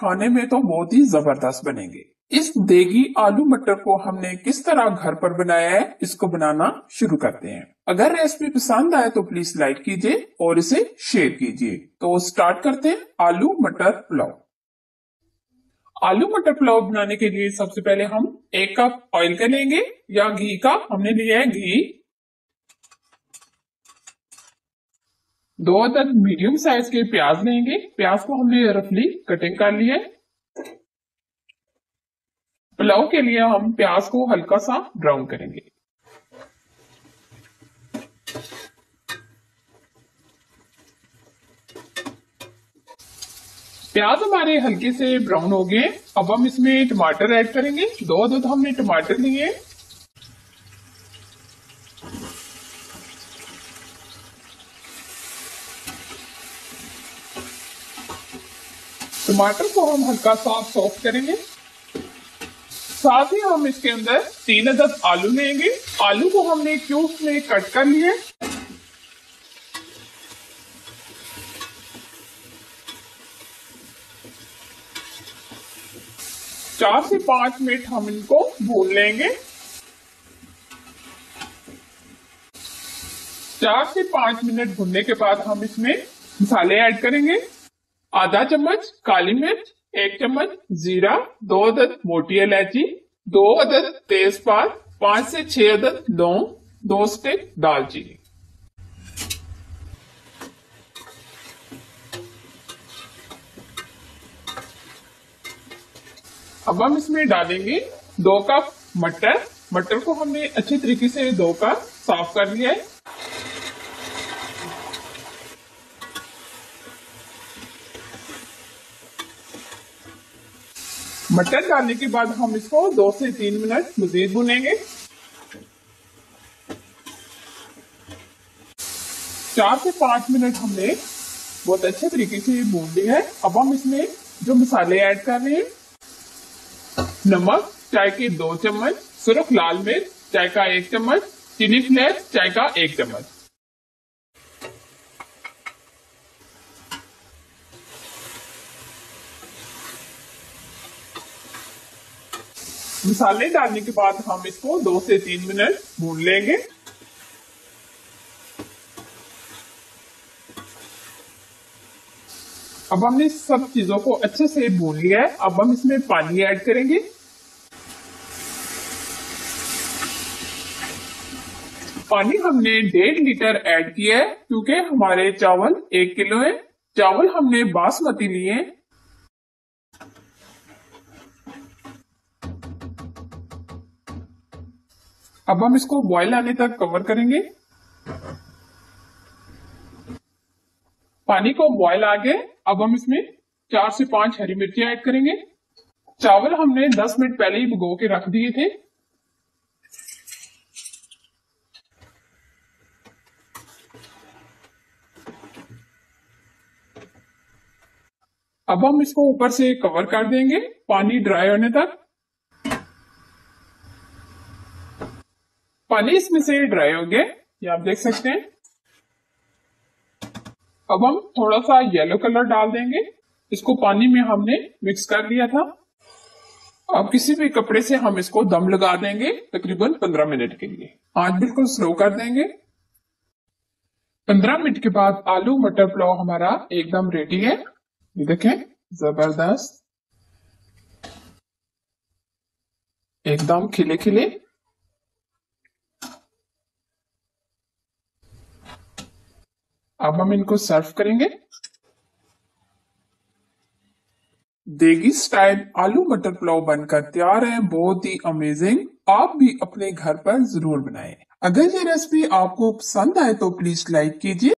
खाने में तो बहुत ही जबरदस्त बनेंगे इस देगी आलू मटर को हमने किस तरह घर पर बनाया है इसको बनाना शुरू करते हैं अगर रेसिपी पसंद आए तो प्लीज लाइक कीजिए और इसे शेयर कीजिए तो स्टार्ट करते हैं आलू मटर पुलाव आलू मटर पुलाव बनाने के लिए सबसे पहले हम एक कप ऑयल का लेंगे या घी का हमने लिया है घी दो अदद मीडियम साइज के प्याज लेंगे प्याज को हमने रफली कटिंग कर लिया है पुलाव के लिए हम प्याज को हल्का सा ब्राउन करेंगे प्याज हमारे हल्के से ब्राउन हो गए अब हम इसमें टमाटर ऐड करेंगे दो अदद हमने टमाटर लिए टमाटर को हम हल्का सा सॉफ्ट करेंगे साथ ही हम इसके अंदर तीन अदद आलू लेंगे आलू को हमने क्यूब्स में कट कर लिए चार से पांच मिनट हम इनको भून लेंगे चार से पांच मिनट भूनने के बाद हम इसमें मसाले ऐड करेंगे आधा चम्मच काली मिर्च एक चम्मच जीरा दो अदद मोटी इलायची दो अदद तेज पात पांच से छह अदद लौंग दो स्टिक दालचीनी अब हम इसमें डालेंगे दो कप मटर मटर को हमने अच्छे तरीके से दो कप साफ कर लिया है मटर डालने के बाद हम इसको दो से तीन मिनट मजीद भुनेंगे चार से पांच मिनट हमने बहुत अच्छे तरीके से भून ली है अब हम इसमें जो मसाले ऐड कर रहे हैं नमक चाय के दो चम्मच सुरख लाल मिर्च चाय का एक चम्मच चीनी फ्लेक्स चाय का एक चम्मच मसाले डालने के बाद हम इसको दो से तीन मिनट भून लेंगे अब हमने सब चीजों को अच्छे से भून लिया है अब हम इसमें पानी ऐड करेंगे पानी हमने डेढ़ लीटर ऐड किया है क्योंकि हमारे चावल एक किलो है चावल हमने बासमती लिए अब हम इसको बॉयल आने तक कवर करेंगे पानी को बॉयल आ गए अब हम इसमें चार से पांच हरी मिर्ची ऐड करेंगे चावल हमने दस मिनट पहले ही भुगो के रख दिए थे अब हम इसको ऊपर से कवर कर देंगे पानी ड्राई होने तक पानी इसमें से ड्राई हो गया ये आप देख सकते हैं अब हम थोड़ा सा येलो कलर डाल देंगे इसको पानी में हमने मिक्स कर लिया था अब किसी भी कपड़े से हम इसको दम लगा देंगे तकरीबन पंद्रह मिनट के लिए आज बिल्कुल स्लो कर देंगे पंद्रह मिनट के बाद आलू मटर पुलाव हमारा एकदम रेडी है ये देखें जबरदस्त एकदम खिले खिले अब हम इनको सर्व करेंगे देगी स्टाइल आलू मटर पुलाव बनकर तैयार है बहुत ही अमेजिंग आप भी अपने घर पर जरूर बनाएं अगर ये रेसिपी आपको पसंद आए तो प्लीज लाइक कीजिए